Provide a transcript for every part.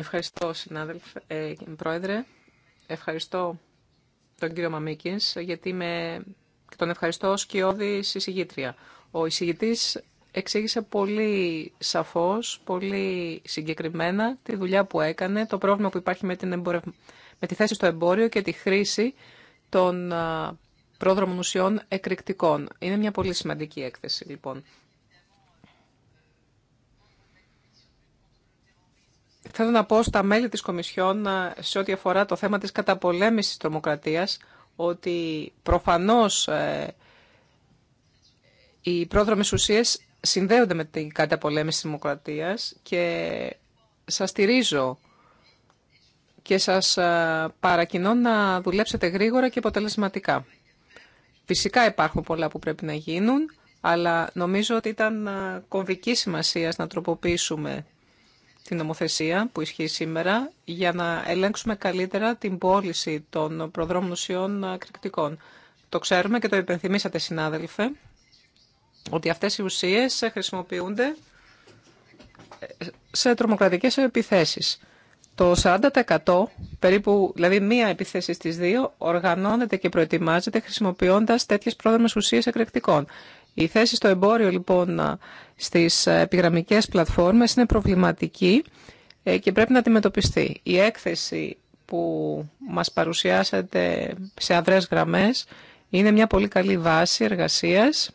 Ευχαριστώ, συνάδελφε, ε, πρόεδρε. Ευχαριστώ τον κύριο Μαμίκης, γιατί με... και τον ευχαριστώ ως κοιόδη εισηγήτρια. Ο εισηγητής εξήγησε πολύ σαφώς, πολύ συγκεκριμένα τη δουλειά που έκανε, το πρόβλημα που υπάρχει με, την με τη θέση στο εμπόριο και τη χρήση των πρόδρομων ουσιών εκρηκτικών. Είναι μια πολύ σημαντική έκθεση, λοιπόν. Θέλω να πω στα μέλη της Κομισιόν ε, σε ό,τι αφορά το θέμα της καταπολέμησης της τρομοκρατίας ότι προφανώς ε, οι πρόδρομες ουσίες συνδέονται με την καταπολέμηση της δημοκρατίας και σας στηρίζω και σας ε, παρακινώ να δουλέψετε γρήγορα και αποτελεσματικά. Φυσικά υπάρχουν πολλά που πρέπει να γίνουν, αλλά νομίζω ότι ήταν κομβική σημασία να τροποποιήσουμε την νομοθεσία που ισχύει σήμερα για να ελέγξουμε καλύτερα την πώληση των προδρόμων ουσιών εκρηκτικών. Το ξέρουμε και το υπενθυμίσατε συνάδελφε ότι αυτές οι ουσίες χρησιμοποιούνται σε τρομοκρατικές επιθέσεις. Το 40% περίπου, δηλαδή μία επιθέση στις δύο, οργανώνεται και προετοιμάζεται χρησιμοποιώντας τέτοιες πρόδρομες ουσίες εκρηκτικών. Η θέση στο εμπόριο λοιπόν στις επιγραμμικές πλατφόρμες είναι προβληματική ε, και πρέπει να αντιμετωπιστεί. Η έκθεση που μας παρουσιάσατε σε αδρές γραμμές είναι μια πολύ καλή βάση εργασίας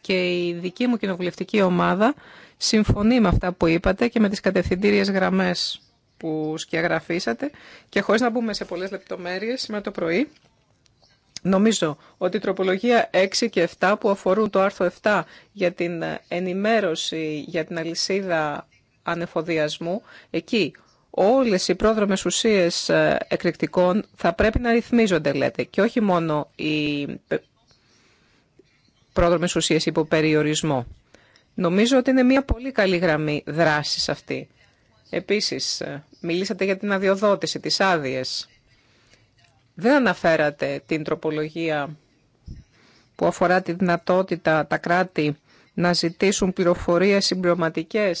και η δική μου κοινοβουλευτική ομάδα συμφωνεί με αυτά που είπατε και με τις κατευθυντήριες γραμμές που σκιαγραφίσατε και χωρίς να μπούμε σε πολλές λεπτομέρειες σήμερα το πρωί Νομίζω ότι η τροπολογία 6 και 7 που αφορούν το άρθρο 7 για την ενημέρωση για την αλυσίδα ανεφοδιασμού, εκεί όλες οι πρόδρομες ουσίες ε, εκρηκτικών θα πρέπει να ρυθμίζονται, λέτε, και όχι μόνο οι ε, πρόδρομες ουσίες υπό περιορισμό. Νομίζω ότι είναι μια πολύ καλή γραμμή δράσης αυτή. Επίσης, ε, μιλήσατε για την αδειοδότηση, τις άδειες. Δεν αναφέρατε την τροπολογία που αφορά τη δυνατότητα τα κράτη να ζητήσουν πληροφορίες συμπληρωματικέ.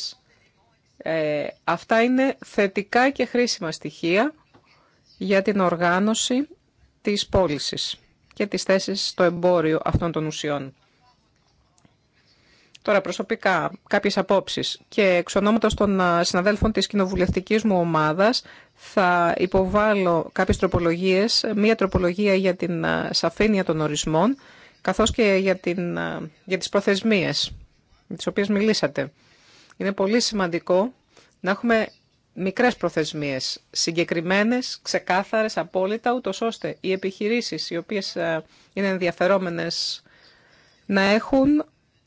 Ε, αυτά είναι θετικά και χρήσιμα στοιχεία για την οργάνωση της πώληση και τις θέσεις στο εμπόριο αυτών των ουσιών. Τώρα προσωπικά κάποιε απόψει. και εξ ονόματο των συναδέλφων της κοινοβουλευτική μου ομάδας θα υποβάλω κάποιε τροπολογίες, μία τροπολογία για την σαφήνεια των ορισμών καθώς και για, την, για τις προθεσμίες με τις οποίες μιλήσατε. Είναι πολύ σημαντικό να έχουμε μικρές προθεσμίες, συγκεκριμένες, ξεκάθαρες, απόλυτα, ούτω ώστε οι επιχειρήσεις οι οποίες είναι ενδιαφερόμενες να έχουν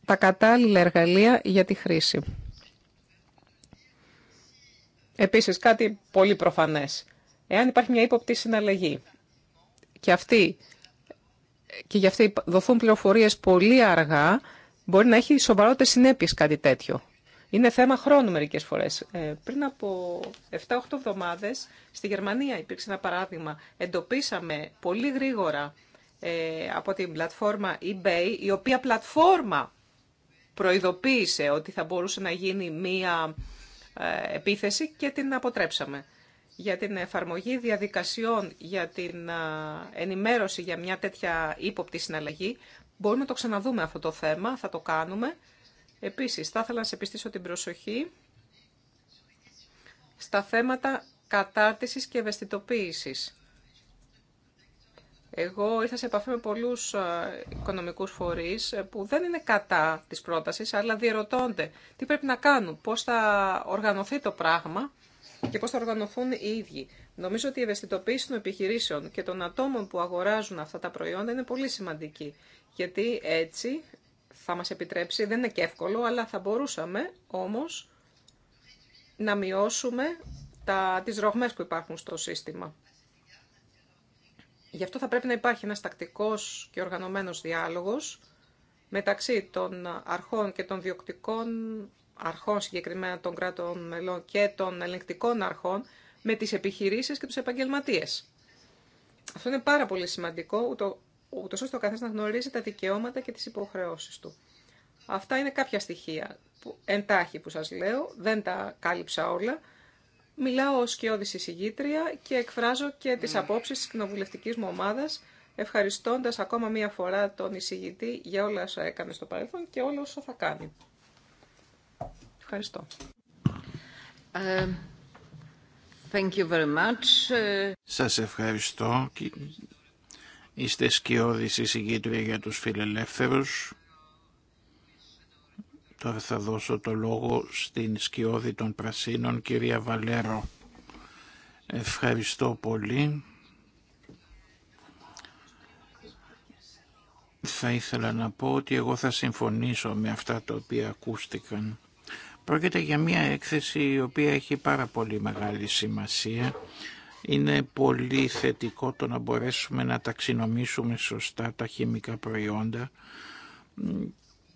τα κατάλληλα εργαλεία για τη χρήση. Επίσης, κάτι πολύ προφανές. Εάν υπάρχει μια ύποπτη συναλλαγή και, αυτή, και για αυτή δοθούν πληροφορίες πολύ αργά, μπορεί να έχει σοβαρότερες συνέπειες κάτι τέτοιο. Είναι θέμα χρόνου μερικές φορές. Ε, πριν από 7-8 εβδομάδες στη Γερμανία υπήρξε ένα παράδειγμα. Εντοπίσαμε πολύ γρήγορα ε, από την πλατφόρμα eBay, η οποία πλατφόρμα προειδοποίησε ότι θα μπορούσε να γίνει μία ε, επίθεση και την αποτρέψαμε. Για την εφαρμογή διαδικασιών, για την ε, ενημέρωση για μια τέτοια ύποπτη συναλλαγή, μπορούμε να το ξαναδούμε αυτό το θέμα, θα το κάνουμε. Επίσης, θα ήθελα να σε πιστήσω την προσοχή στα θέματα κατάρτισης και ευαισθητοποίησης εγώ ήρθα σε επαφή με πολλούς ε, οικονομικούς φορείς ε, που δεν είναι κατά της πρόταση, αλλά διερωτώνται τι πρέπει να κάνουν, πώς θα οργανωθεί το πράγμα και πώς θα οργανωθούν οι ίδιοι. Νομίζω ότι η ευαισθητοποίηση των επιχειρήσεων και των ατόμων που αγοράζουν αυτά τα προϊόντα είναι πολύ σημαντική, γιατί έτσι θα μας επιτρέψει, δεν είναι και εύκολο, αλλά θα μπορούσαμε όμως να μειώσουμε τα, τις που υπάρχουν στο σύστημα. Γι' αυτό θα πρέπει να υπάρχει ένας τακτικός και οργανωμένος διάλογος μεταξύ των αρχών και των διοκτικών αρχών συγκεκριμένα των κράτων μελών και των ελεγκτικών αρχών με τις επιχειρήσεις και τους επαγγελματίες. Αυτό είναι πάρα πολύ σημαντικό, ούτω, ώστε ο καθένας να γνωρίζει τα δικαιώματα και τις υποχρεώσεις του. Αυτά είναι κάποια στοιχεία που, εντάχει που σας λέω, δεν τα κάλυψα όλα. Μιλάω ως όδηση εισηγήτρια και εκφράζω και τις ναι. απόψεις της κοινοβουλευτικής μου ομάδας, ευχαριστώντας ακόμα μία φορά τον εισηγητή για όλα όσα έκανε στο παρελθόν και όλα όσα θα κάνει. Ευχαριστώ. Ε, thank you very much. Ε, Σας ευχαριστώ. Είστε σκιώδης εισηγήτρια για τους φιλελεύθερους. Τώρα θα δώσω το λόγο στην σκιώδη των Πρασίνων, κυρία Βαλέρο. Ευχαριστώ πολύ. Θα ήθελα να πω ότι εγώ θα συμφωνήσω με αυτά τα οποία ακούστηκαν. Πρόκειται για μια έκθεση η οποία έχει πάρα πολύ μεγάλη σημασία. Είναι πολύ θετικό το να μπορέσουμε να ταξινομήσουμε σωστά τα χημικά προϊόντα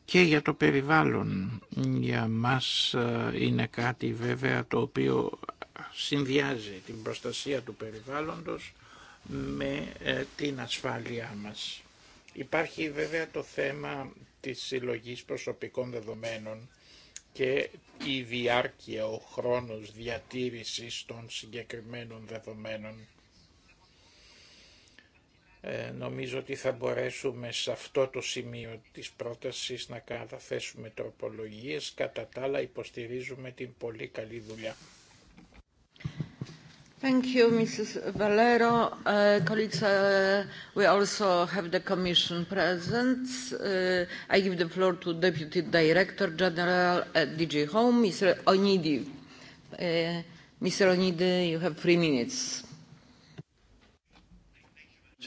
και για το περιβάλλον. Για μας ε, είναι κάτι βέβαια το οποίο συνδυάζει την προστασία του περιβάλλοντος με ε, την ασφάλειά μας. Υπάρχει βέβαια το θέμα της συλλογής προσωπικών δεδομένων και η διάρκεια, ο χρόνος διατήρησης των συγκεκριμένων δεδομένων ε, νομίζω ότι θα μπορέσουμε σε αυτό το σημείο της πρότασης να καταθέσουμε τροπολογίες. Κατά τα άλλα υποστηρίζουμε την πολύ καλή δουλειά. Thank you, Mrs. Valero. Uh, colleagues, uh, we also have the Commission present. Uh, I give the floor to Deputy Director General at DG Home, Mr. Onidi. Uh, Mr. Onidi, you have three minutes.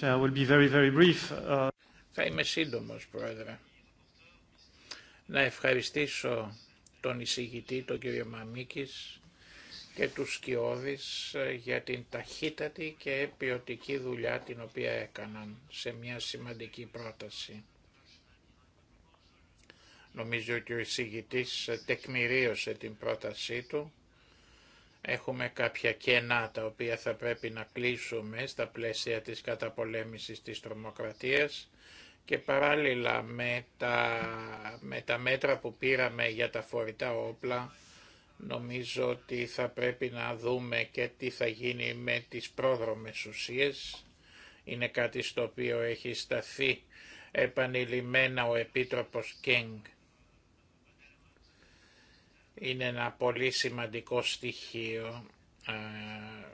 Uh, uh, Θα είμαι σύντομος, Πρόεδρε. Να ευχαριστήσω τον εισηγητή, τον κύριο Μαμίκης και τους Σκιώδης ε, για την ταχύτατη και ποιοτική δουλειά την οποία έκαναν σε μια σημαντική πρόταση. Νομίζω ότι ο εισηγητής ε, τεκμηρίωσε την πρότασή του Έχουμε κάποια κενά τα οποία θα πρέπει να κλείσουμε στα πλαίσια της καταπολέμησης της τρομοκρατίας και παράλληλα με τα, μέτρα που πήραμε για τα φορητά όπλα νομίζω ότι θα πρέπει να δούμε και τι θα γίνει με τις πρόδρομες ουσίες. Είναι κάτι στο οποίο έχει σταθεί επανειλημμένα ο Επίτροπος Κέγκ είναι ένα πολύ σημαντικό στοιχείο ε,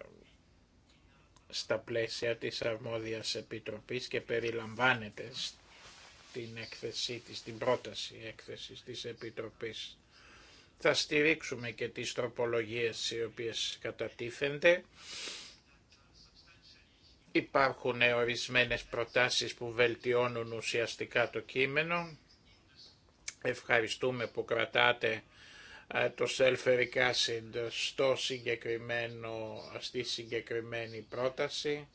στα πλαίσια της αρμόδιας επιτροπής και περιλαμβάνεται στην έκθεσή της, την πρόταση έκθεσης της επιτροπής. Θα στηρίξουμε και τις τροπολογίες οι οποίες κατατίθενται. Υπάρχουν ορισμένες προτάσεις που βελτιώνουν ουσιαστικά το κείμενο. Ευχαριστούμε που κρατάτε ε, το self acid στο συγκεκριμένο, στη συγκεκριμένη πρόταση.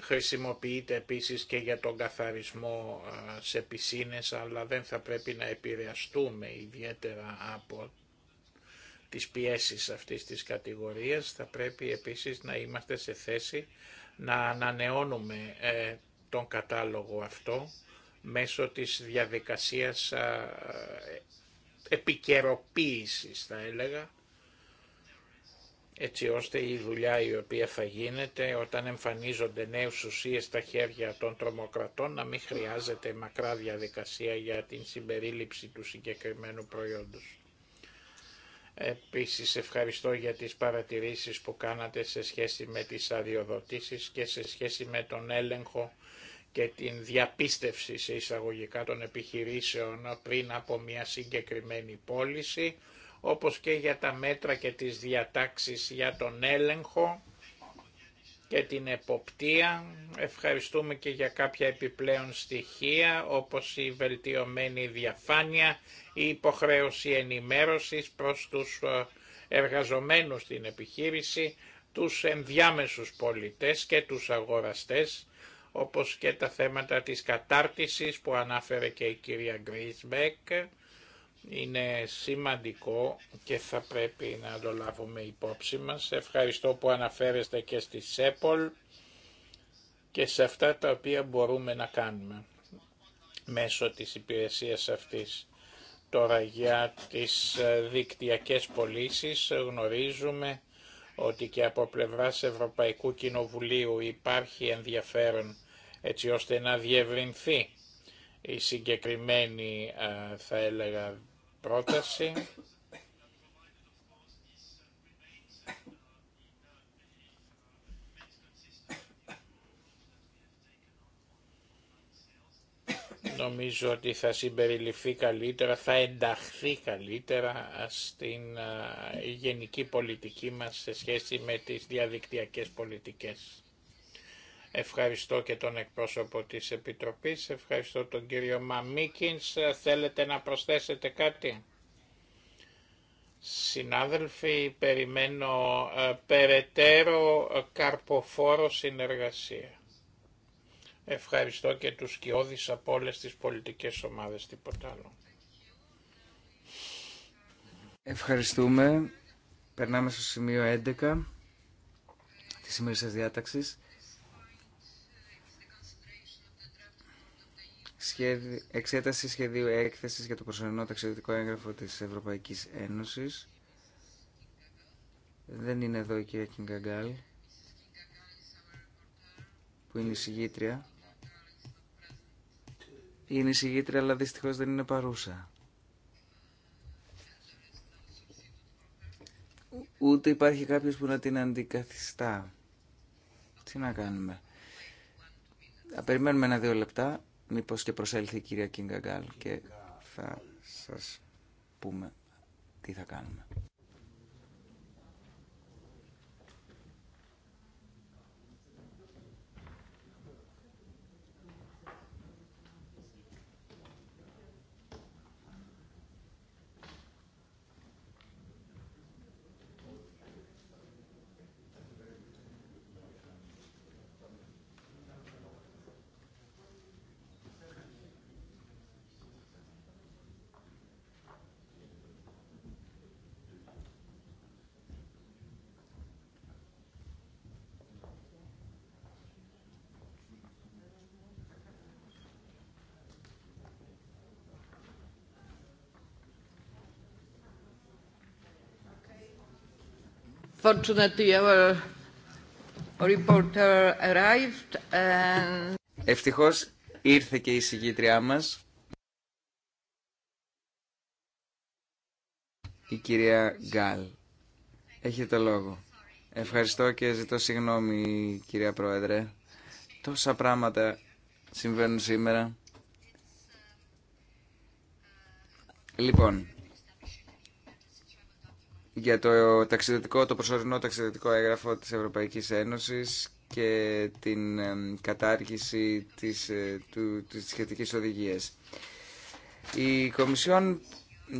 Χρησιμοποιείται επίσης και για τον καθαρισμό ε, σε πισίνες, αλλά δεν θα πρέπει να επηρεαστούμε ιδιαίτερα από τις πιέσεις αυτής της κατηγορίας. Θα πρέπει επίσης να είμαστε σε θέση να ανανεώνουμε ε, τον κατάλογο αυτό μέσω της διαδικασίας επικαιροποίησης θα έλεγα έτσι ώστε η δουλειά η οποία θα γίνεται όταν εμφανίζονται νέους ουσίες στα χέρια των τρομοκρατών να μην χρειάζεται μακρά διαδικασία για την συμπερίληψη του συγκεκριμένου προϊόντος. Επίσης ευχαριστώ για τις παρατηρήσεις που κάνατε σε σχέση με τις αδειοδοτήσεις και σε σχέση με τον έλεγχο και την διαπίστευση σε εισαγωγικά των επιχειρήσεων πριν από μια συγκεκριμένη πώληση, όπως και για τα μέτρα και τις διατάξεις για τον έλεγχο και την εποπτεία. Ευχαριστούμε και για κάποια επιπλέον στοιχεία, όπως η βελτιωμένη διαφάνεια, η υποχρέωση ενημέρωσης προς τους ε, εργαζομένους στην επιχείρηση, τους ενδιάμεσους πολιτές και τους αγοραστές, όπως και τα θέματα της κατάρτισης που ανάφερε και η κυρία Γκρίσμπεκ είναι σημαντικό και θα πρέπει να το λάβουμε υπόψη μας. Ευχαριστώ που αναφέρεστε και στη ΣΕΠΟΛ και σε αυτά τα οποία μπορούμε να κάνουμε μέσω της υπηρεσίας αυτής. Τώρα για τις ε, δικτυακές πωλήσει γνωρίζουμε ότι και από πλευράς Ευρωπαϊκού Κοινοβουλίου υπάρχει ενδιαφέρον έτσι ώστε να διευρυνθεί η συγκεκριμένη θα έλεγα πρόταση. Νομίζω ότι θα συμπεριληφθεί καλύτερα, θα ενταχθεί καλύτερα στην γενική πολιτική μας σε σχέση με τις διαδικτυακές πολιτικές. Ευχαριστώ και τον εκπρόσωπο της Επιτροπής, ευχαριστώ τον κύριο Μαμίκινς. Θέλετε να προσθέσετε κάτι. Συνάδελφοι, περιμένω ε, περαιτέρω καρποφόρο συνεργασία. Ευχαριστώ και τους σκιώδεις από όλες τις πολιτικές ομάδες, τίποτα άλλο. Ευχαριστούμε. Περνάμε στο σημείο 11 της σημερινής διάταξης. εξέταση σχεδίου έκθεσης για το προσωρινό ταξιδιωτικό έγγραφο της Ευρωπαϊκής Ένωσης. Δεν είναι εδώ η κυρία Κιγκαγκάλ, που είναι η συγγήτρια. Είναι η συγγήτρια, αλλά δυστυχώς δεν είναι παρούσα. Ούτε υπάρχει κάποιος που να την αντικαθιστά. Τι να κάνουμε. Θα περιμένουμε ένα-δύο λεπτά Μήπως και προσέλθει η κυρία Κίνγκα και θα σας πούμε τι θα κάνουμε. Ευτυχώς ήρθε και η συγκήτριά μας, η κυρία Γκάλ. Έχετε λόγο. Ευχαριστώ και ζητώ συγγνώμη, κυρία Πρόεδρε. Τόσα πράγματα συμβαίνουν σήμερα. Λοιπόν, για το, ταξιδετικό, το προσωρινό ταξιδετικό έγγραφο της Ευρωπαϊκής Ένωσης και την κατάργηση της, ε, του, της σχετικής οδηγίας. Η Κομισιόν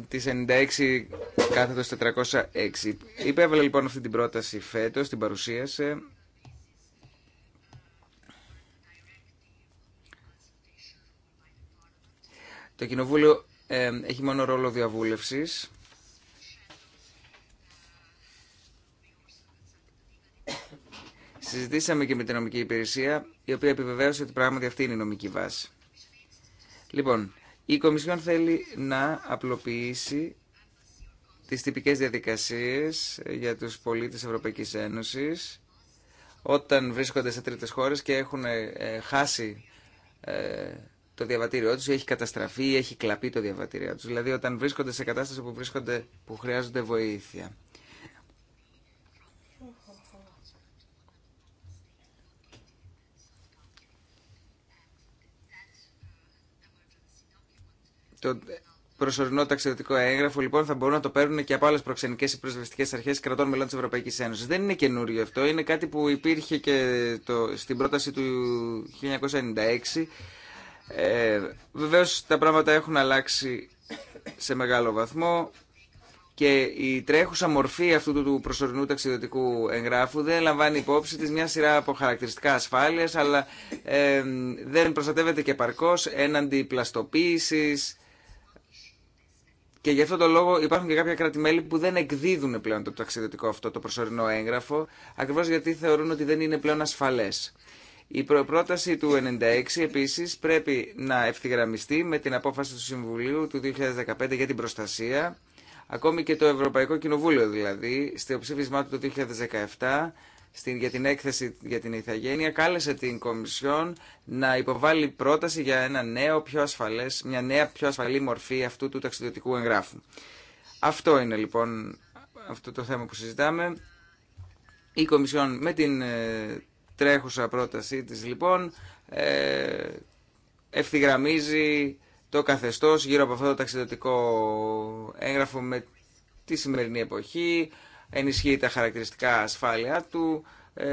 της 96 κάθετος 406 υπέβαλε λοιπόν αυτή την πρόταση φέτος, την παρουσίασε Το Κοινοβούλιο έχει μόνο ρόλο διαβούλευσης Συζητήσαμε και με την νομική υπηρεσία, η οποία επιβεβαίωσε ότι πράγματι αυτή είναι η νομική βάση. Λοιπόν, η Κομισιόν θέλει να απλοποιήσει τις τυπικές διαδικασίες για τους πολίτες Ευρωπαϊκής Ένωσης όταν βρίσκονται σε τρίτες χώρες και έχουν ε, χάσει ε, το διαβατήριό τους, ή έχει καταστραφεί ή έχει κλαπεί το διαβατήριό τους. Δηλαδή όταν βρίσκονται σε κατάσταση που, βρίσκονται, που χρειάζονται βοήθεια. Το προσωρινό ταξιδιωτικό έγγραφο λοιπόν θα μπορούν να το παίρνουν και από άλλε προξενικέ ή προσβεστικέ αρχέ κρατών μελών τη Ευρωπαϊκή Ένωση. Δεν είναι καινούριο αυτό. Είναι κάτι που υπήρχε και το, στην πρόταση του 1996. Ε, βεβαίως τα πράγματα έχουν αλλάξει σε μεγάλο βαθμό και η τρέχουσα μορφή αυτού του προσωρινού ταξιδιωτικού εγγράφου δεν λαμβάνει υπόψη της μια σειρά από χαρακτηριστικά ασφάλειας αλλά ε, δεν προστατεύεται και παρκώς έναντι πλαστοποίησης, και γι' αυτόν τον λόγο υπάρχουν και κάποια κράτη-μέλη που δεν εκδίδουν πλέον το ταξιδιωτικό αυτό το προσωρινό έγγραφο, ακριβώ γιατί θεωρούν ότι δεν είναι πλέον ασφαλέ. Η προταση του 1996 επίση πρέπει να ευθυγραμμιστεί με την απόφαση του Συμβουλίου του 2015 για την προστασία, ακόμη και το Ευρωπαϊκό Κοινοβούλιο δηλαδή, στο ψήφισμά του 2017 για την έκθεση για την Ιθαγένεια κάλεσε την Κομισιόν να υποβάλει πρόταση για ένα νέο, πιο ασφαλές, μια νέα πιο ασφαλή μορφή αυτού του ταξιδιωτικού εγγράφου. Αυτό είναι λοιπόν αυτό το θέμα που συζητάμε. Η Κομισιόν με την ε, τρέχουσα πρότασή της λοιπόν ε, ευθυγραμμίζει το καθεστώς γύρω από αυτό το ταξιδιωτικό έγγραφο με τη σημερινή εποχή, ενισχύει τα χαρακτηριστικά ασφάλεια του, ε,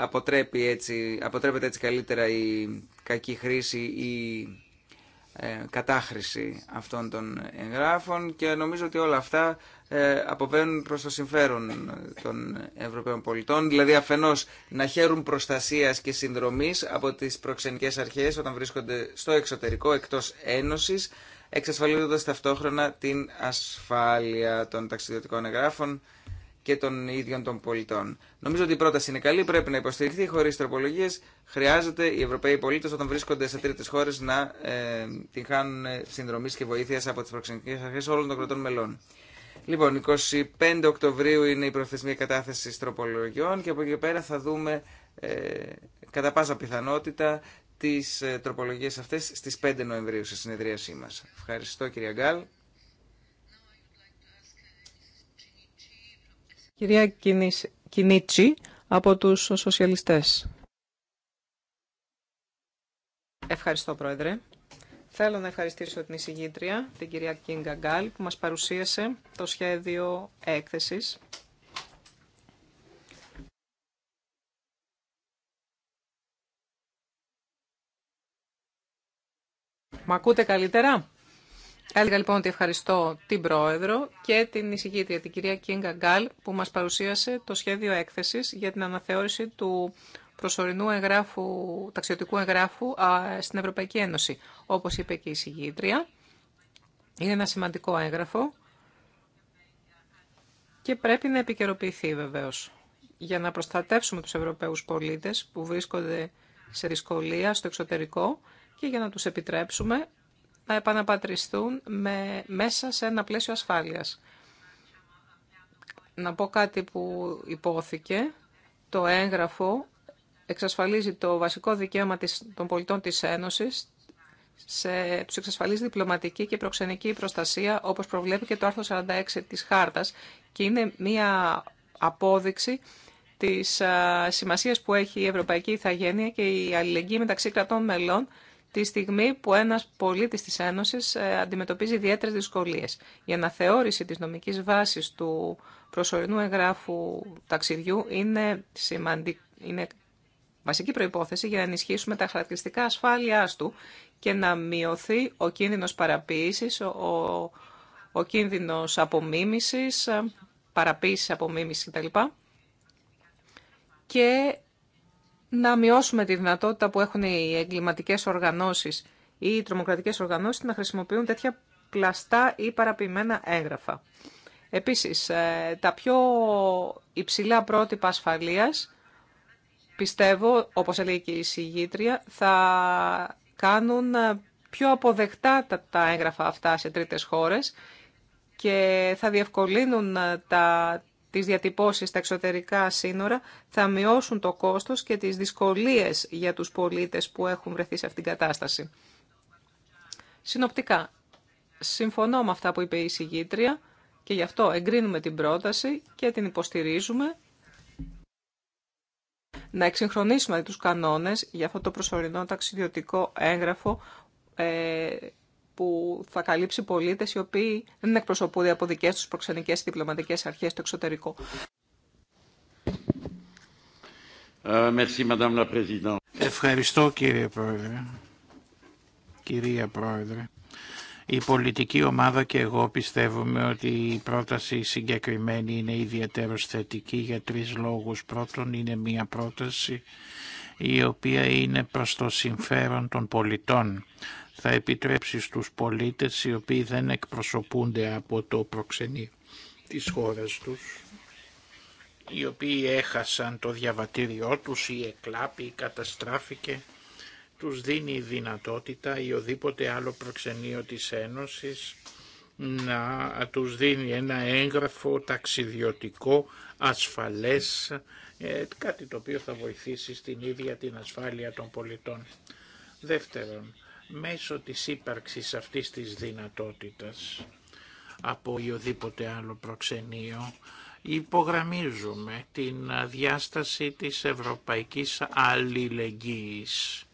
αποτρέπει έτσι, αποτρέπεται έτσι καλύτερα η κακή χρήση ή ε, κατάχρηση αυτών των εγγράφων και νομίζω ότι όλα αυτά ε, αποβαίνουν προς το συμφέρον των Ευρωπαίων πολιτών, δηλαδή αφενός να χαίρουν προστασίας και συνδρομής από τις προξενικές αρχές όταν βρίσκονται στο εξωτερικό εκτός Ένωσης εξασφαλίζοντας ταυτόχρονα την ασφάλεια των ταξιδιωτικών εγγράφων και των ίδιων των πολιτών. Νομίζω ότι η πρόταση είναι καλή, πρέπει να υποστηριχθεί χωρί τροπολογίε. Χρειάζεται οι Ευρωπαίοι πολίτε όταν βρίσκονται σε τρίτε χώρε να ε, την χάνουν συνδρομή και βοήθεια από τι προξενικέ αρχέ όλων των κρατών μελών. Λοιπόν, 25 Οκτωβρίου είναι η προθεσμία κατάθεση τροπολογιών και από εκεί πέρα θα δούμε ε, κατά πάσα πιθανότητα τις ε, τροπολογίες αυτές στις 5 Νοεμβρίου στη συνεδρίασή μα. Ευχαριστώ κυρία Γκάλ. Κυρία Κινίτσι από τους Σοσιαλιστές. Ευχαριστώ Πρόεδρε. Θέλω να ευχαριστήσω την εισηγήτρια, την κυρία Κίνγκα Γκάλ, που μας παρουσίασε το σχέδιο έκθεσης Μα ακούτε καλύτερα. Έλεγα λοιπόν ότι ευχαριστώ την Πρόεδρο και την εισηγήτρια, την κυρία Κίνγκα Γκάλ, που μας παρουσίασε το σχέδιο έκθεσης για την αναθεώρηση του προσωρινού εγγράφου, ταξιδιωτικού εγγράφου στην Ευρωπαϊκή Ένωση. Όπως είπε και η εισηγήτρια, είναι ένα σημαντικό έγγραφο και πρέπει να επικαιροποιηθεί βεβαίως για να προστατεύσουμε τους Ευρωπαίους πολίτες που βρίσκονται σε δυσκολία στο εξωτερικό και για να τους επιτρέψουμε να επαναπατριστούν με, μέσα σε ένα πλαίσιο ασφάλειας. Να πω κάτι που υπόθηκε. Το έγγραφο εξασφαλίζει το βασικό δικαίωμα των πολιτών της Ένωσης σε, τους εξασφαλίζει διπλωματική και προξενική προστασία, όπως προβλέπει και το άρθρο 46 της Χάρτας και είναι μία απόδειξη της α, σημασίας που έχει η Ευρωπαϊκή Ιθαγένεια και η αλληλεγγύη μεταξύ κρατών μελών τη στιγμή που ένας πολίτης της Ένωσης ε, αντιμετωπίζει ιδιαίτερες δυσκολίες. Η αναθεώρηση της νομικής βάσης του προσωρινού εγγράφου ταξιδιού είναι, σημαντικ... είναι βασική προϋπόθεση για να ενισχύσουμε τα χαρακτηριστικά ασφάλειά του και να μειωθεί ο κίνδυνος παραποίησης, ο, ο κίνδυνος απομίμησης, ε, παραποίησης, απομίμησης κτλ. Και να μειώσουμε τη δυνατότητα που έχουν οι εγκληματικές οργανώσεις ή οι τρομοκρατικές οργανώσεις να χρησιμοποιούν τέτοια πλαστά ή παραποιημένα έγγραφα. Επίσης, ε, τα πιο υψηλά πρότυπα ασφαλείας, πιστεύω, όπως έλεγε και η συγγήτρια, θα κάνουν ε, πιο αποδεκτά τα έγγραφα αυτά σε τρίτες χώρες και θα διευκολύνουν ε, τα τις διατυπώσεις στα εξωτερικά σύνορα θα μειώσουν το κόστος και τις δυσκολίες για τους πολίτες που έχουν βρεθεί σε αυτήν την κατάσταση. Συνοπτικά, συμφωνώ με αυτά που είπε η συγγήτρια και γι' αυτό εγκρίνουμε την πρόταση και την υποστηρίζουμε να εξυγχρονίσουμε τους κανόνες για αυτό το προσωρινό ταξιδιωτικό έγγραφο ε, που θα καλύψει πολίτες οι οποίοι δεν εκπροσωπούνται από δικές τους προξενικές διπλωματικές αρχές στο εξωτερικό. Ε, Ευχαριστώ κύριε Πρόεδρε. Κυρία Πρόεδρε. Η πολιτική ομάδα και εγώ πιστεύουμε ότι η πρόταση συγκεκριμένη είναι ιδιαίτερο θετική για τρεις λόγους. Πρώτον είναι μια πρόταση η οποία είναι προς το συμφέρον των πολιτών θα επιτρέψει στους πολίτες οι οποίοι δεν εκπροσωπούνται από το προξενείο της χώρας τους, οι οποίοι έχασαν το διαβατήριό τους ή εκλάπη ή καταστράφηκε, τους δίνει η δυνατότητα ή οδήποτε άλλο προξενείο της Ένωσης να τους δίνει ένα έγγραφο ταξιδιωτικό, ασφαλές, ε, κάτι το οποίο θα βοηθήσει στην ίδια την ασφάλεια των πολιτών. Δεύτερον, Μέσω της ύπαρξης αυτής της δυνατότητας από οποιοδήποτε άλλο προξενείο υπογραμμίζουμε την διάσταση της ευρωπαϊκής αλληλεγγύης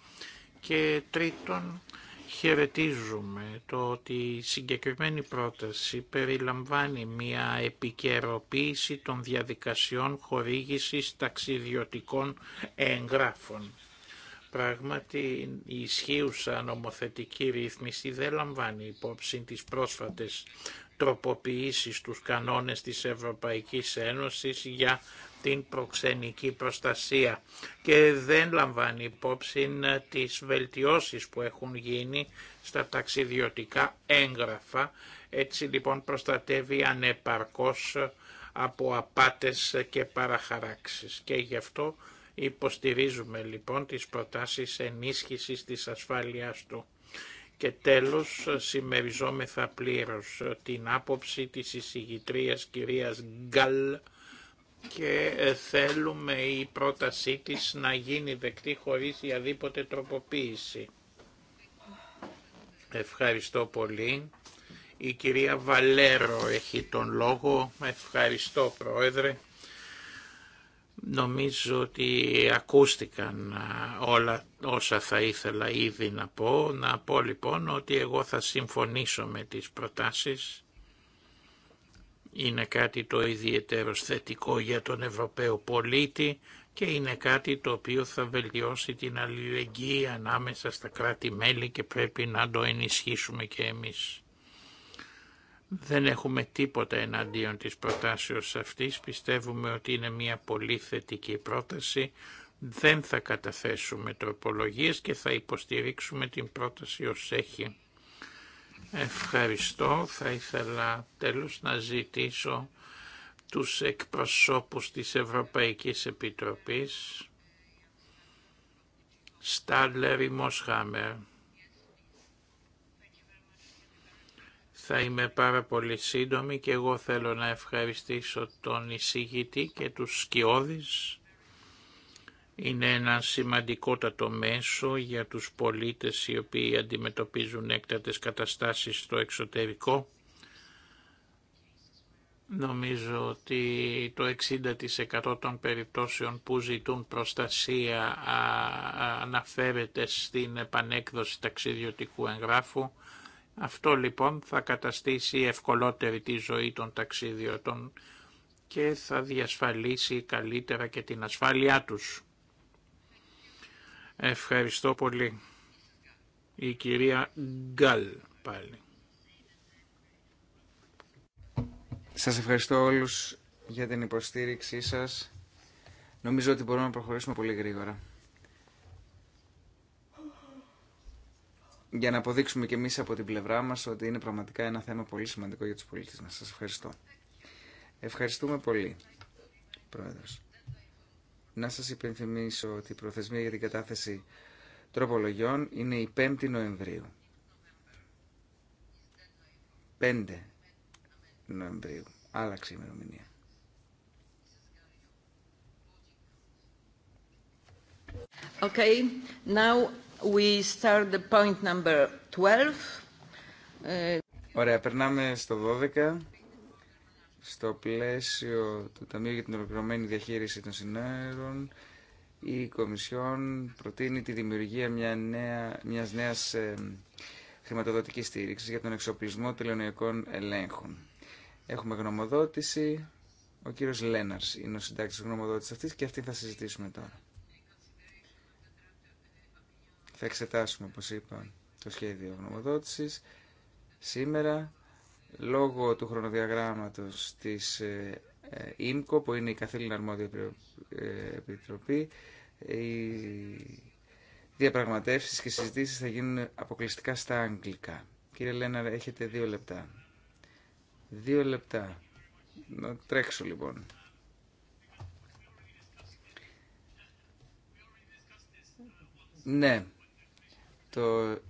και τρίτον χαιρετίζουμε το ότι η συγκεκριμένη πρόταση περιλαμβάνει μια επικαιροποίηση των διαδικασιών χορήγησης ταξιδιωτικών εγγράφων. Πράγματι η ισχύουσα νομοθετική ρύθμιση δεν λαμβάνει υπόψη τις πρόσφατες τροποποιήσεις τους κανόνες της Ευρωπαϊκής Ένωσης για την προξενική προστασία και δεν λαμβάνει υπόψη τις βελτιώσεις που έχουν γίνει στα ταξιδιωτικά έγγραφα. Έτσι λοιπόν προστατεύει ανεπαρκώς από απάτες και παραχαράξεις και γι' αυτό Υποστηρίζουμε λοιπόν τις προτάσεις ενίσχυσης της ασφάλειάς του. Και τέλος συμμεριζόμεθα πλήρως την άποψη της εισηγητρίας κυρίας Γκάλ και θέλουμε η πρότασή της να γίνει δεκτή χωρίς οποιαδήποτε τροποποίηση. Ευχαριστώ πολύ. Η κυρία Βαλέρο έχει τον λόγο. Ευχαριστώ Πρόεδρε. Νομίζω ότι ακούστηκαν όλα όσα θα ήθελα ήδη να πω. Να πω λοιπόν ότι εγώ θα συμφωνήσω με τις προτάσεις. Είναι κάτι το ιδιαίτερο θετικό για τον Ευρωπαίο πολίτη και είναι κάτι το οποίο θα βελτιώσει την αλληλεγγύη ανάμεσα στα κράτη-μέλη και πρέπει να το ενισχύσουμε και εμείς. Δεν έχουμε τίποτα εναντίον της προτάσεως αυτής, πιστεύουμε ότι είναι μια πολύ θετική πρόταση, δεν θα καταθέσουμε τροπολογίες και θα υποστηρίξουμε την πρόταση ως έχει. Ευχαριστώ, θα ήθελα τέλος να ζητήσω τους εκπροσώπους της Ευρωπαϊκής Επιτροπής, Στάλλερ Μόσχαμερ. Θα είμαι πάρα πολύ σύντομη και εγώ θέλω να ευχαριστήσω τον εισηγητή και τους σκιώδης. Είναι ένα σημαντικότατο μέσο για τους πολίτες οι οποίοι αντιμετωπίζουν έκτατες καταστάσεις στο εξωτερικό. Νομίζω ότι το 60% των περιπτώσεων που ζητούν προστασία αναφέρεται στην επανέκδοση ταξιδιωτικού εγγράφου αυτό λοιπόν θα καταστήσει ευκολότερη τη ζωή των ταξιδιωτών και θα διασφαλίσει καλύτερα και την ασφάλειά τους. Ευχαριστώ πολύ. Η κυρία Γκάλ πάλι. Σας ευχαριστώ όλους για την υποστήριξή σας. Νομίζω ότι μπορούμε να προχωρήσουμε πολύ γρήγορα. για να αποδείξουμε και εμείς από την πλευρά μας ότι είναι πραγματικά ένα θέμα πολύ σημαντικό για τους πολίτες μας. Σας ευχαριστώ. Ευχαριστούμε πολύ, Πρόεδρος. Να σας υπενθυμίσω ότι η προθεσμία για την κατάθεση τροπολογιών είναι η 5η Νοεμβρίου. 5 Νοεμβρίου. Άλλαξε η ημερομηνία. Okay, now We start the point number 12. Uh, Ωραία, περνάμε στο 12. Στο πλαίσιο του Ταμείου για την Ολοκληρωμένη Διαχείριση των Συνέρων, η Κομισιόν προτείνει τη δημιουργία μια νέα, μιας νέας ε, χρηματοδοτικής στήριξης για τον εξοπλισμό τελωνιακών ελέγχων. Έχουμε γνωμοδότηση. Ο κύριος Λέναρς είναι ο συντάκτης γνωμοδότησης αυτής και αυτή θα συζητήσουμε τώρα. Θα εξετάσουμε, όπως είπα, το σχέδιο γνωμοδότησης. Σήμερα, λόγω του χρονοδιαγράμματος της ε, ε, ΙΜΚΟ, που είναι η καθήλυνα αρμόδια ε, επιτροπή, οι διαπραγματεύσεις και συζητήσεις θα γίνουν αποκλειστικά στα αγγλικά. Κύριε Λέναρ, έχετε δύο λεπτά. Δύο λεπτά. Να τρέξω λοιπόν. Ναι, το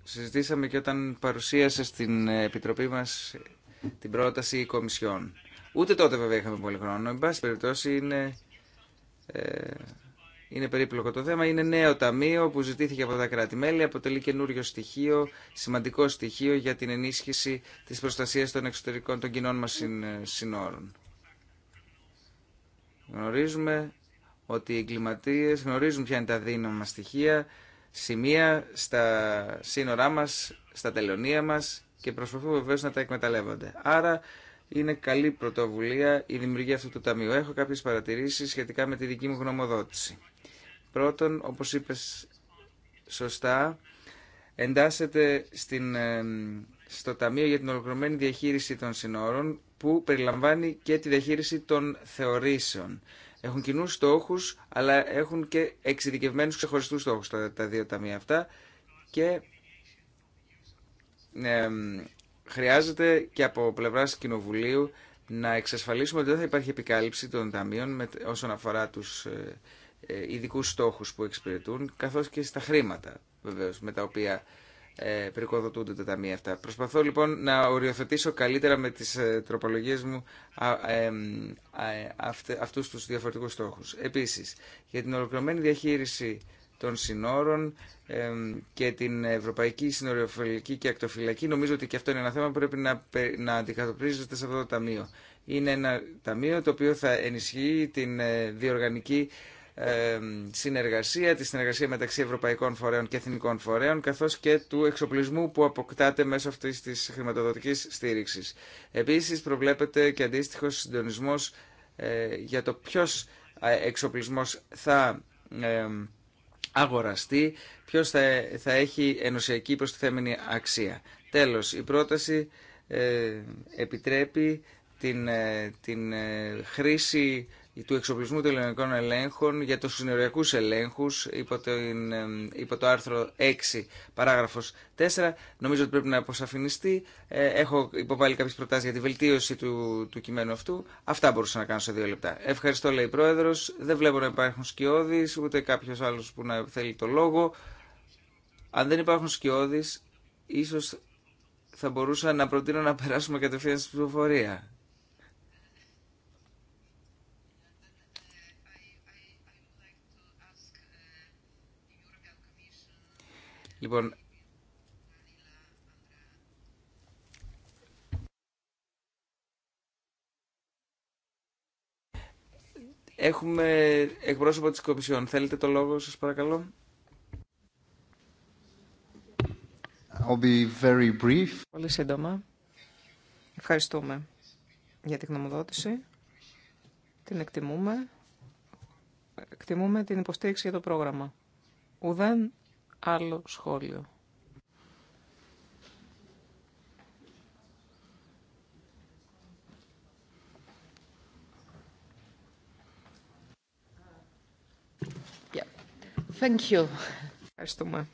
συζητήσαμε και όταν παρουσίασε στην Επιτροπή μα την πρόταση η Κομισιόν. Ούτε τότε βέβαια είχαμε πολύ χρόνο. Εν πάση περιπτώσει είναι, ε, είναι περίπλοκο το θέμα. Είναι νέο ταμείο που ζητήθηκε από τα κράτη-μέλη. Αποτελεί καινούριο στοιχείο, σημαντικό στοιχείο για την ενίσχυση τη προστασία των εξωτερικών των κοινών μα ε, συνόρων. Γνωρίζουμε ότι οι εγκληματίε γνωρίζουν ποια είναι τα δύναμα στοιχεία σημεία στα σύνορά μας, στα τελωνία μας και προσπαθούμε βεβαίω να τα εκμεταλλεύονται. Άρα είναι καλή πρωτοβουλία η δημιουργία αυτού του ταμείου. Έχω κάποιες παρατηρήσεις σχετικά με τη δική μου γνωμοδότηση. Πρώτον, όπως είπες σωστά, εντάσσεται στην, ε, στο Ταμείο για την Ολοκληρωμένη Διαχείριση των Συνόρων που περιλαμβάνει και τη διαχείριση των θεωρήσεων. Έχουν κοινού στόχου, αλλά έχουν και εξειδικευμένου ξεχωριστού στόχου τα, τα δύο ταμεία αυτά και χρειάζεται και από πλευρά Κοινοβουλίου να εξασφαλίσουμε ότι δεν θα υπάρχει επικάλυψη των ταμείων με, όσον αφορά του ε, ε, ειδικού στόχου που εξυπηρετούν, καθώ και στα χρήματα βεβαίω με τα οποία ε, περικοδοτούνται τα ταμεία αυτά. Προσπαθώ λοιπόν να οριοθετήσω καλύτερα με τις ε, τροπολογίες μου α, ε, αυτε, αυτούς τους διαφορετικούς στόχους. Επίσης, για την ολοκληρωμένη διαχείριση των συνόρων και την Ευρωπαϊκή συνοριοφυλική και Ακτοφυλακή. Νομίζω ότι και αυτό είναι ένα θέμα που πρέπει να, να σε αυτό το ταμείο. Είναι ένα ταμείο το οποίο θα ενισχύει την ε, διοργανική ε, συνεργασία, τη συνεργασία μεταξύ ευρωπαϊκών φορέων και εθνικών φορέων, καθώς και του εξοπλισμού που αποκτάται μέσω αυτής της χρηματοδοτικής στήριξης. Επίσης προβλέπεται και αντίστοιχο ε, για το ποιο ε, εξοπλισμός θα ε, αγοραστεί, ποιο θα, θα έχει ενωσιακή προστιθέμενη αξία. Τέλος, η πρόταση επιτρέπει την, την χρήση του εξοπλισμού των ελληνικών ελέγχων για του συνοριακού ελέγχου, υπό, υπό το άρθρο 6 παράγραφο 4. Νομίζω ότι πρέπει να αποσαφινιστεί. Ε, έχω υποβάλει κάποιε προτάσει για τη βελτίωση του, του κειμένου αυτού. Αυτά μπορούσα να κάνω σε δύο λεπτά. Ευχαριστώ λέει η πρόεδρο. Δεν βλέπω να υπάρχουν σκιώδει, ούτε κάποιο άλλο που να θέλει το λόγο. Αν δεν υπάρχουν σκιώδει, ίσω θα μπορούσα να προτείνω να περάσουμε κατευθείαν στην ψηφοφορία. Λοιπόν, Έχουμε εκπρόσωπο της Κομισιόν. Θέλετε το λόγο, σας παρακαλώ. I'll Πολύ σύντομα. Ευχαριστούμε για την γνωμοδότηση. Την εκτιμούμε. Εκτιμούμε την υποστήριξη για το πρόγραμμα. Ουδέν άλλο σχόλιο. Yeah. Thank you. Ευχαριστούμε.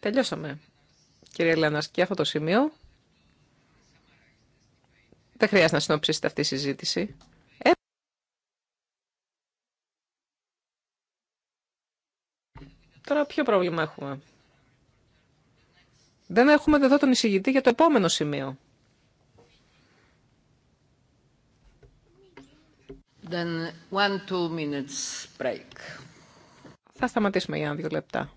Τελειώσαμε, Κυρίε Λενάς. και αυτό το σημείο. Δεν χρειάζεται να συνοψίσετε αυτή τη συζήτηση. Τώρα ποιο πρόβλημα έχουμε. Δεν έχουμε εδώ τον εισηγητή για το επόμενο σημείο. Then one, two minutes break. Θα σταματήσουμε για ένα-δύο λεπτά.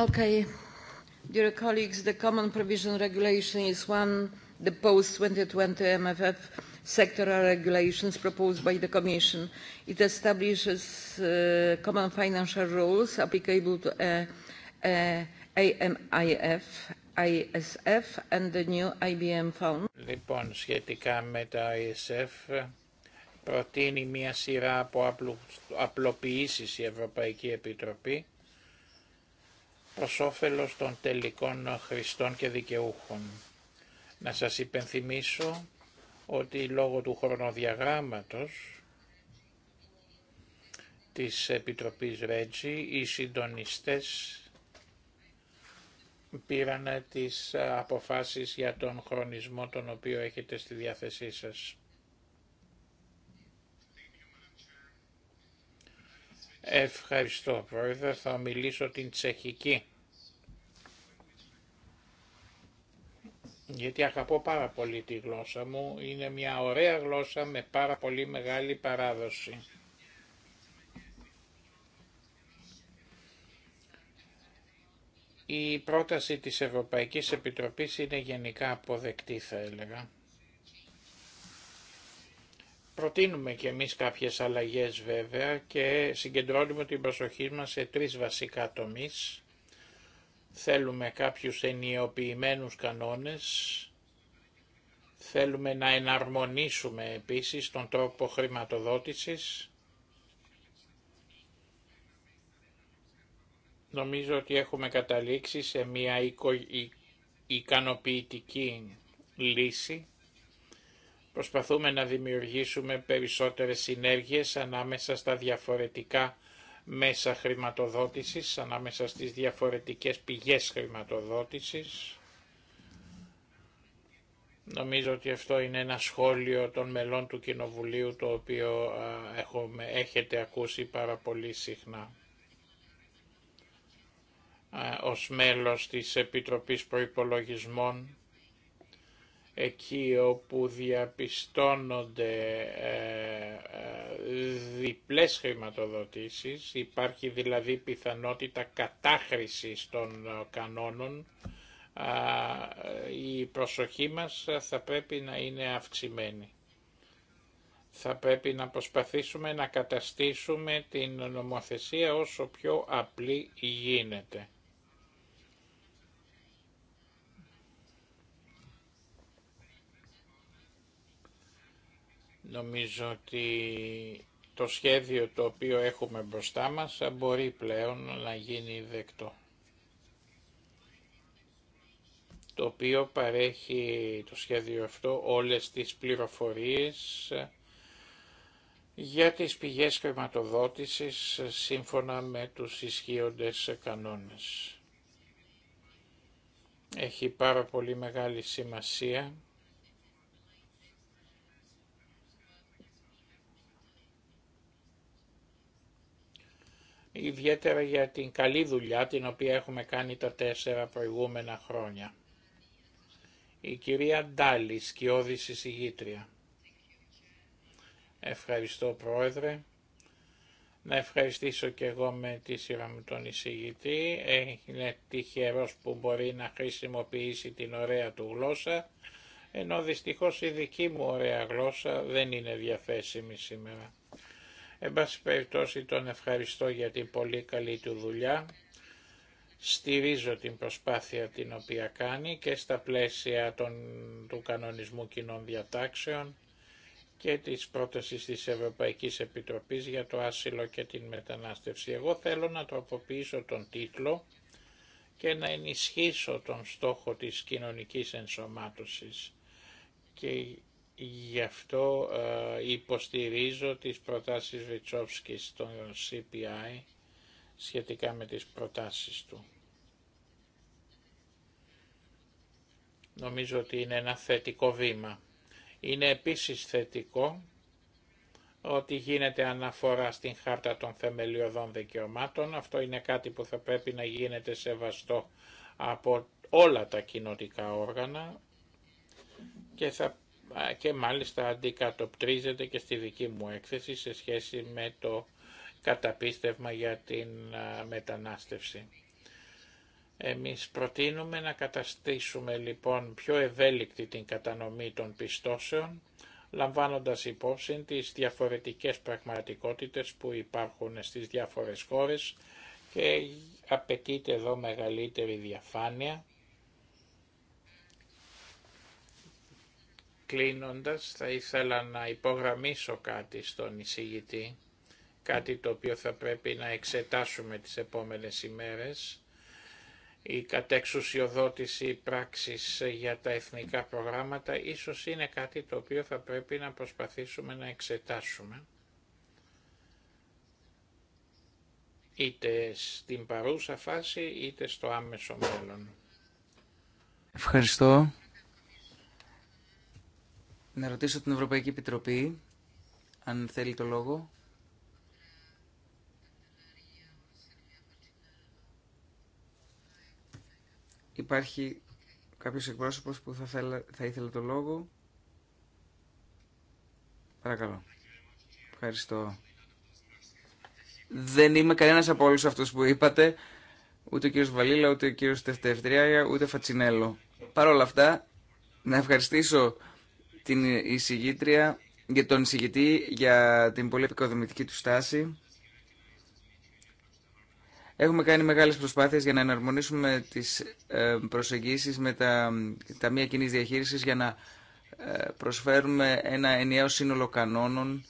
Okay. Dear colleagues, the Common Provision Regulation is one, the post-2020 MFF sectoral regulations proposed by the Commission. It establishes common financial rules applicable to AMIF, ISF and the new IBM Fund. ISF, μια προς όφελος των τελικών χρηστών και δικαιούχων. Να σας υπενθυμίσω ότι λόγω του χρονοδιαγράμματος της Επιτροπής Ρέτζη οι συντονιστές πήραν τις αποφάσεις για τον χρονισμό τον οποίο έχετε στη διάθεσή σας. Ευχαριστώ πρόεδρε, θα μιλήσω την τσεχική. γιατί αγαπώ πάρα πολύ τη γλώσσα μου, είναι μια ωραία γλώσσα με πάρα πολύ μεγάλη παράδοση. Η πρόταση της Ευρωπαϊκής Επιτροπής είναι γενικά αποδεκτή θα έλεγα. Προτείνουμε και εμείς κάποιες αλλαγές βέβαια και συγκεντρώνουμε την προσοχή μας σε τρεις βασικά τομείς Θέλουμε κάποιους ενιοποιημένους κανόνες, θέλουμε να εναρμονίσουμε επίσης τον τρόπο χρηματοδότησης. Νομίζω ότι έχουμε καταλήξει σε μια ικανοποιητική λύση. Προσπαθούμε να δημιουργήσουμε περισσότερες συνέργειες ανάμεσα στα διαφορετικά μέσα χρηματοδότησης, ανάμεσα στις διαφορετικές πηγές χρηματοδότησης. Νομίζω ότι αυτό είναι ένα σχόλιο των μελών του Κοινοβουλίου, το οποίο έχουμε, έχετε ακούσει πάρα πολύ συχνά. Ως μέλος της Επιτροπής Προϋπολογισμών, εκεί όπου διαπιστώνονται ε, ε, διπλές χρηματοδοτήσεις, υπάρχει δηλαδή πιθανότητα κατάχρησης των ε, κανόνων, η προσοχή μας θα πρέπει να είναι αυξημένη. Θα πρέπει να προσπαθήσουμε να καταστήσουμε την νομοθεσία όσο πιο απλή γίνεται. Νομίζω ότι το σχέδιο το οποίο έχουμε μπροστά μας μπορεί πλέον να γίνει δεκτό. Το οποίο παρέχει το σχέδιο αυτό όλες τις πληροφορίες για τις πηγές χρηματοδότησης σύμφωνα με τους ισχύοντες κανόνες. Έχει πάρα πολύ μεγάλη σημασία ιδιαίτερα για την καλή δουλειά την οποία έχουμε κάνει τα τέσσερα προηγούμενα χρόνια. Η κυρία Ντάλη, σκιώδη εισηγήτρια. Ευχαριστώ Πρόεδρε. Να ευχαριστήσω και εγώ με τη σειρά μου τον εισηγητή. Είναι τυχερός που μπορεί να χρησιμοποιήσει την ωραία του γλώσσα, ενώ δυστυχώς η δική μου ωραία γλώσσα δεν είναι διαθέσιμη σήμερα. Εν πάση περιπτώσει τον ευχαριστώ για την πολύ καλή του δουλειά. Στηρίζω την προσπάθεια την οποία κάνει και στα πλαίσια των, του κανονισμού κοινών διατάξεων και της πρότασης της Ευρωπαϊκής Επιτροπής για το άσυλο και την μετανάστευση. Εγώ θέλω να τροποποιήσω τον τίτλο και να ενισχύσω τον στόχο της κοινωνικής ενσωμάτωσης και Γι' αυτό ε, υποστηρίζω τις προτάσεις Βιτσόφσκη των CPI σχετικά με τις προτάσεις του. Νομίζω ότι είναι ένα θετικό βήμα. Είναι επίσης θετικό ότι γίνεται αναφορά στην χάρτα των θεμελιωδών δικαιωμάτων. Αυτό είναι κάτι που θα πρέπει να γίνεται σεβαστό από όλα τα κοινοτικά όργανα και θα και μάλιστα αντικατοπτρίζεται και στη δική μου έκθεση σε σχέση με το καταπίστευμα για την μετανάστευση. Εμείς προτείνουμε να καταστήσουμε λοιπόν πιο ευέλικτη την κατανομή των πιστώσεων, λαμβάνοντας υπόψη τις διαφορετικές πραγματικότητες που υπάρχουν στις διάφορες χώρες και απαιτείται εδώ μεγαλύτερη διαφάνεια Κλείνοντας, θα ήθελα να υπογραμμίσω κάτι στον εισηγητή, κάτι το οποίο θα πρέπει να εξετάσουμε τις επόμενες ημέρες. Η κατεξουσιοδότηση πράξης για τα εθνικά προγράμματα ίσως είναι κάτι το οποίο θα πρέπει να προσπαθήσουμε να εξετάσουμε. είτε στην παρούσα φάση είτε στο άμεσο μέλλον. Ευχαριστώ να ρωτήσω την Ευρωπαϊκή Επιτροπή, αν θέλει το λόγο. Υπάρχει κάποιος εκπρόσωπος που θα, θέλα, θα ήθελε το λόγο. Παρακαλώ. Ευχαριστώ. Δεν είμαι κανένας από όλους αυτούς που είπατε. Ούτε ο κύριος Βαλίλα, ούτε ο κύριος Τευτευτριάγια, ούτε Φατσινέλο. Παρ' όλα αυτά, να ευχαριστήσω την εισηγήτρια, για τον εισηγητή για την πολύ επικοδομητική του στάση. Έχουμε κάνει μεγάλες προσπάθειες για να εναρμονίσουμε τις ε, προσεγγίσεις με τα ταμεία κοινή διαχείρισης για να ε, προσφέρουμε ένα ενιαίο σύνολο κανόνων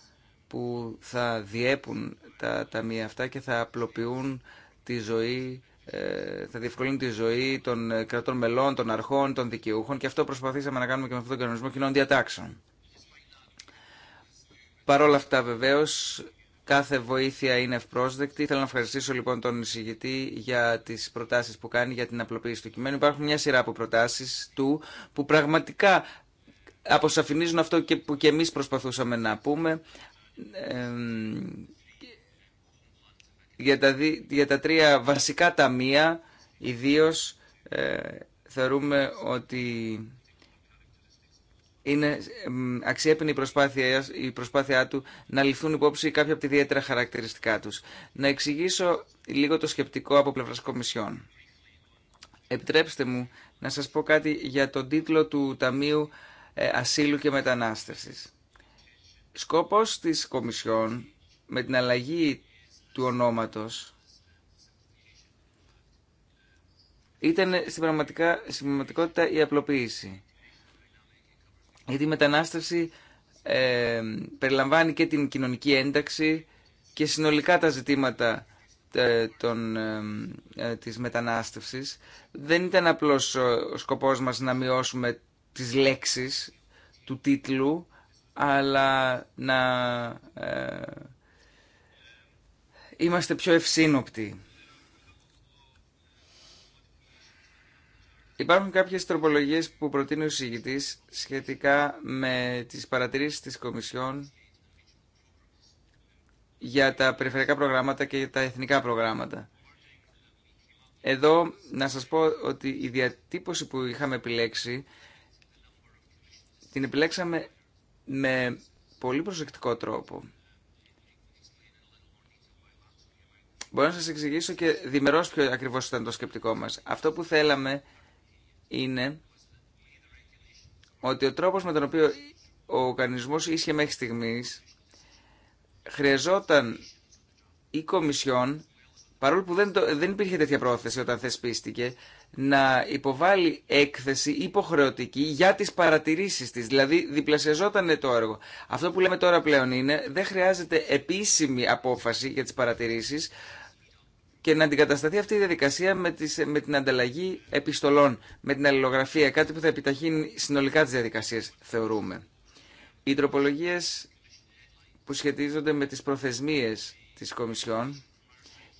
που θα διέπουν τα ταμεία αυτά και θα απλοποιούν τη ζωή ε, θα διευκολύνει τη ζωή των ε, κρατών μελών, των αρχών, των δικαιούχων και αυτό προσπαθήσαμε να κάνουμε και με αυτόν τον κανονισμό κοινών διατάξεων. Παρ' όλα αυτά βεβαίω, κάθε βοήθεια είναι ευπρόσδεκτη. Θέλω να ευχαριστήσω λοιπόν τον εισηγητή για τις προτάσεις που κάνει για την απλοποίηση του κειμένου. Υπάρχουν μια σειρά από προτάσει του που πραγματικά αποσαφηνίζουν αυτό και που και εμείς προσπαθούσαμε να πούμε για τα, τα τρία βασικά ταμεία ιδίω ε, θεωρούμε ότι είναι αξιέπινη η προσπάθεια, η προσπάθειά του να ληφθούν υπόψη κάποια από τα ιδιαίτερα χαρακτηριστικά τους. Να εξηγήσω λίγο το σκεπτικό από πλευράς Κομισιόν. Επιτρέψτε μου να σας πω κάτι για τον τίτλο του Ταμείου ε, Ασύλου και Μετανάστευσης. Σκόπος της Κομισιόν με την αλλαγή του ονόματος ήταν στην, πραγματικά, πραγματικότητα η απλοποίηση. Γιατί η μετανάστευση ε, περιλαμβάνει και την κοινωνική ένταξη και συνολικά τα ζητήματα ε, των, ε, ε, της μετανάστευσης. Δεν ήταν απλώς ο σκοπός μας να μειώσουμε τις λέξεις του τίτλου, αλλά να ε, είμαστε πιο ευσύνοπτοι. Υπάρχουν κάποιες τροπολογίες που προτείνει ο σχετικά με τις παρατηρήσεις της Κομισιόν για τα περιφερειακά προγράμματα και τα εθνικά προγράμματα. Εδώ να σας πω ότι η διατύπωση που είχαμε επιλέξει την επιλέξαμε με πολύ προσεκτικό τρόπο. Μπορώ να σας εξηγήσω και διμερώς ποιο ακριβώς ήταν το σκεπτικό μας. Αυτό που θέλαμε είναι ότι ο τρόπος με τον οποίο ο οργανισμός ίσχυε μέχρι στιγμής χρειαζόταν η Κομισιόν, παρόλο που δεν, δεν υπήρχε τέτοια πρόθεση όταν θεσπίστηκε, να υποβάλει έκθεση υποχρεωτική για τις παρατηρήσεις της. Δηλαδή διπλασιαζόταν το έργο. Αυτό που λέμε τώρα πλέον είναι δεν χρειάζεται επίσημη απόφαση για τις παρατηρήσεις και να αντικατασταθεί αυτή η διαδικασία με, τις, με την ανταλλαγή επιστολών, με την αλληλογραφία, κάτι που θα επιταχύνει συνολικά τις διαδικασίες, θεωρούμε. Οι τροπολογίες που σχετίζονται με τις προθεσμίες της Κομισιόν,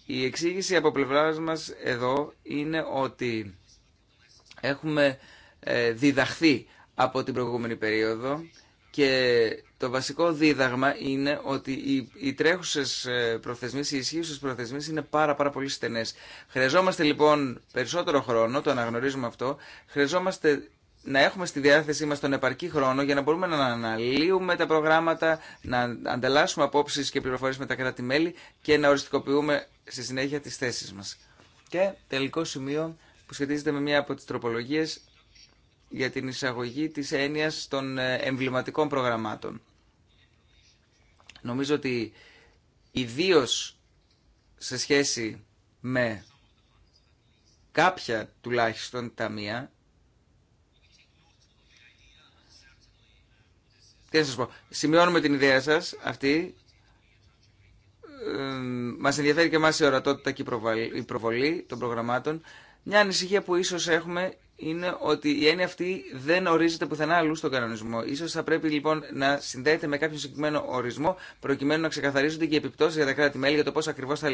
η εξήγηση από πλευρά μας εδώ είναι ότι έχουμε ε, διδαχθεί από την προηγούμενη περίοδο και το βασικό δίδαγμα είναι ότι οι, οι τρέχουσες ε, προθεσμίες, οι ισχύουσε προθεσμίε, είναι πάρα πάρα πολύ στενέ. Χρειαζόμαστε λοιπόν περισσότερο χρόνο, το αναγνωρίζουμε αυτό, χρειαζόμαστε να έχουμε στη διάθεσή μα τον επαρκή χρόνο για να μπορούμε να αναλύουμε τα προγράμματα, να ανταλλάσσουμε απόψει και πληροφορίε με τα κράτη-μέλη και να οριστικοποιούμε στη συνέχεια τις θέσεις μα. Και τελικό σημείο που σχετίζεται με μία από τι τροπολογίε για την εισαγωγή της έννοιας των ε, εμβληματικών προγραμμάτων. Νομίζω ότι ιδίω σε σχέση με κάποια τουλάχιστον ταμεία, τι να σα πω, σημειώνουμε την ιδέα σας αυτή, ε, μας ενδιαφέρει και εμάς η ορατότητα και η προβολή των προγραμμάτων, μια ανησυχία που ίσως έχουμε είναι ότι η έννοια αυτή δεν ορίζεται πουθενά αλλού στον κανονισμό. Σω θα πρέπει λοιπόν να συνδέεται με κάποιο συγκεκριμένο ορισμό προκειμένου να ξεκαθαρίζονται και οι επιπτώσεις για τα κράτη-μέλη για το πώ ακριβώ θα,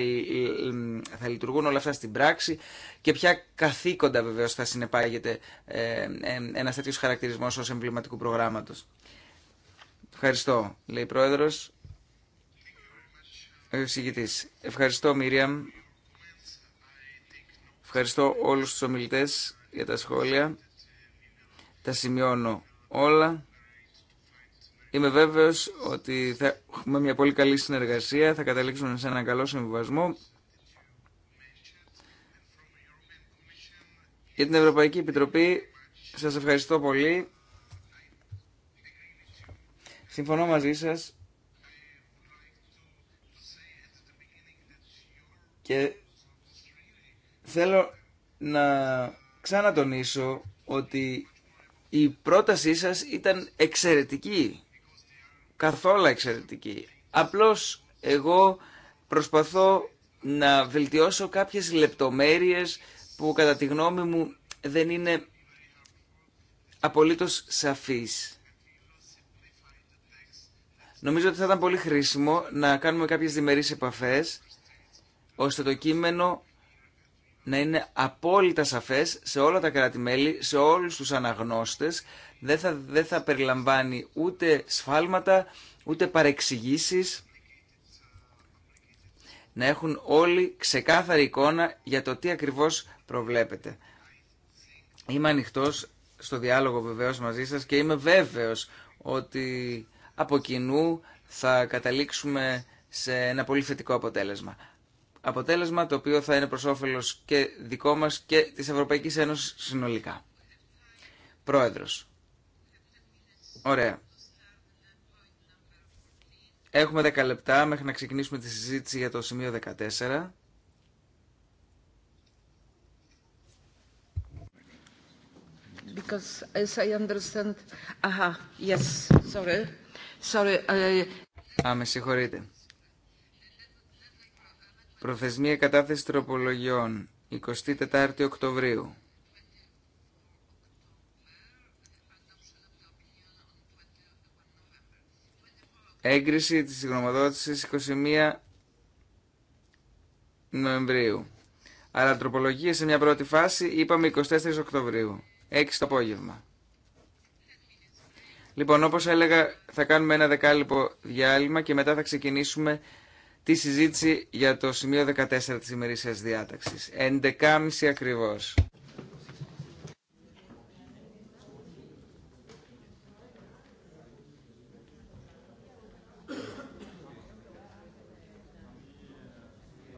θα λειτουργούν όλα αυτά στην πράξη και ποια καθήκοντα βεβαίω θα συνεπάγεται ε, ε, ένα τέτοιο χαρακτηρισμό ω εμβληματικού προγράμματο. Ευχαριστώ, λέει η Πρόεδρος. Ευχαριστώ, Μίριαμ. Ευχαριστώ όλου του ομιλητέ για τα σχόλια. Τα σημειώνω όλα. Είμαι βέβαιος ότι θα έχουμε μια πολύ καλή συνεργασία, θα καταλήξουμε σε έναν καλό συμβιβασμό. Για την Ευρωπαϊκή Επιτροπή σας ευχαριστώ πολύ. Συμφωνώ μαζί σας. Και θέλω να ξανατονίσω ότι η πρότασή σας ήταν εξαιρετική, καθόλου εξαιρετική. Απλώς εγώ προσπαθώ να βελτιώσω κάποιες λεπτομέρειες που κατά τη γνώμη μου δεν είναι απολύτως σαφείς. Νομίζω ότι θα ήταν πολύ χρήσιμο να κάνουμε κάποιες διμερείς επαφές, ώστε το κείμενο να είναι απόλυτα σαφές σε όλα τα κράτη-μέλη, σε όλους τους αναγνώστες. Δεν θα, δεν θα περιλαμβάνει ούτε σφάλματα, ούτε παρεξηγήσεις. Να έχουν όλοι ξεκάθαρη εικόνα για το τι ακριβώς προβλέπετε. Είμαι ανοιχτό στο διάλογο βεβαίως μαζί σας και είμαι βέβαιος ότι από κοινού θα καταλήξουμε σε ένα πολύ θετικό αποτέλεσμα αποτέλεσμα το οποίο θα είναι προς όφελος και δικό μας και της Ευρωπαϊκής Ένωσης συνολικά. Πρόεδρος. Ωραία. Έχουμε 10 λεπτά μέχρι να ξεκινήσουμε τη συζήτηση για το σημείο 14. Because as I understand... Aha, yes, sorry. Sorry. Α, με συγχωρείτε. Προθεσμία κατάθεση τροπολογιών 24 Οκτωβρίου. Έγκριση της γνωμοδότησης 21 Νοεμβρίου. Αλλά τροπολογία σε μια πρώτη φάση είπαμε 24 Οκτωβρίου. 6 το απόγευμα. Λοιπόν, όπως έλεγα, θα κάνουμε ένα δεκάλυπο διάλειμμα και μετά θα ξεκινήσουμε τη συζήτηση για το σημείο 14 της ημερήσιας διάταξης. 11.30 ακριβώς.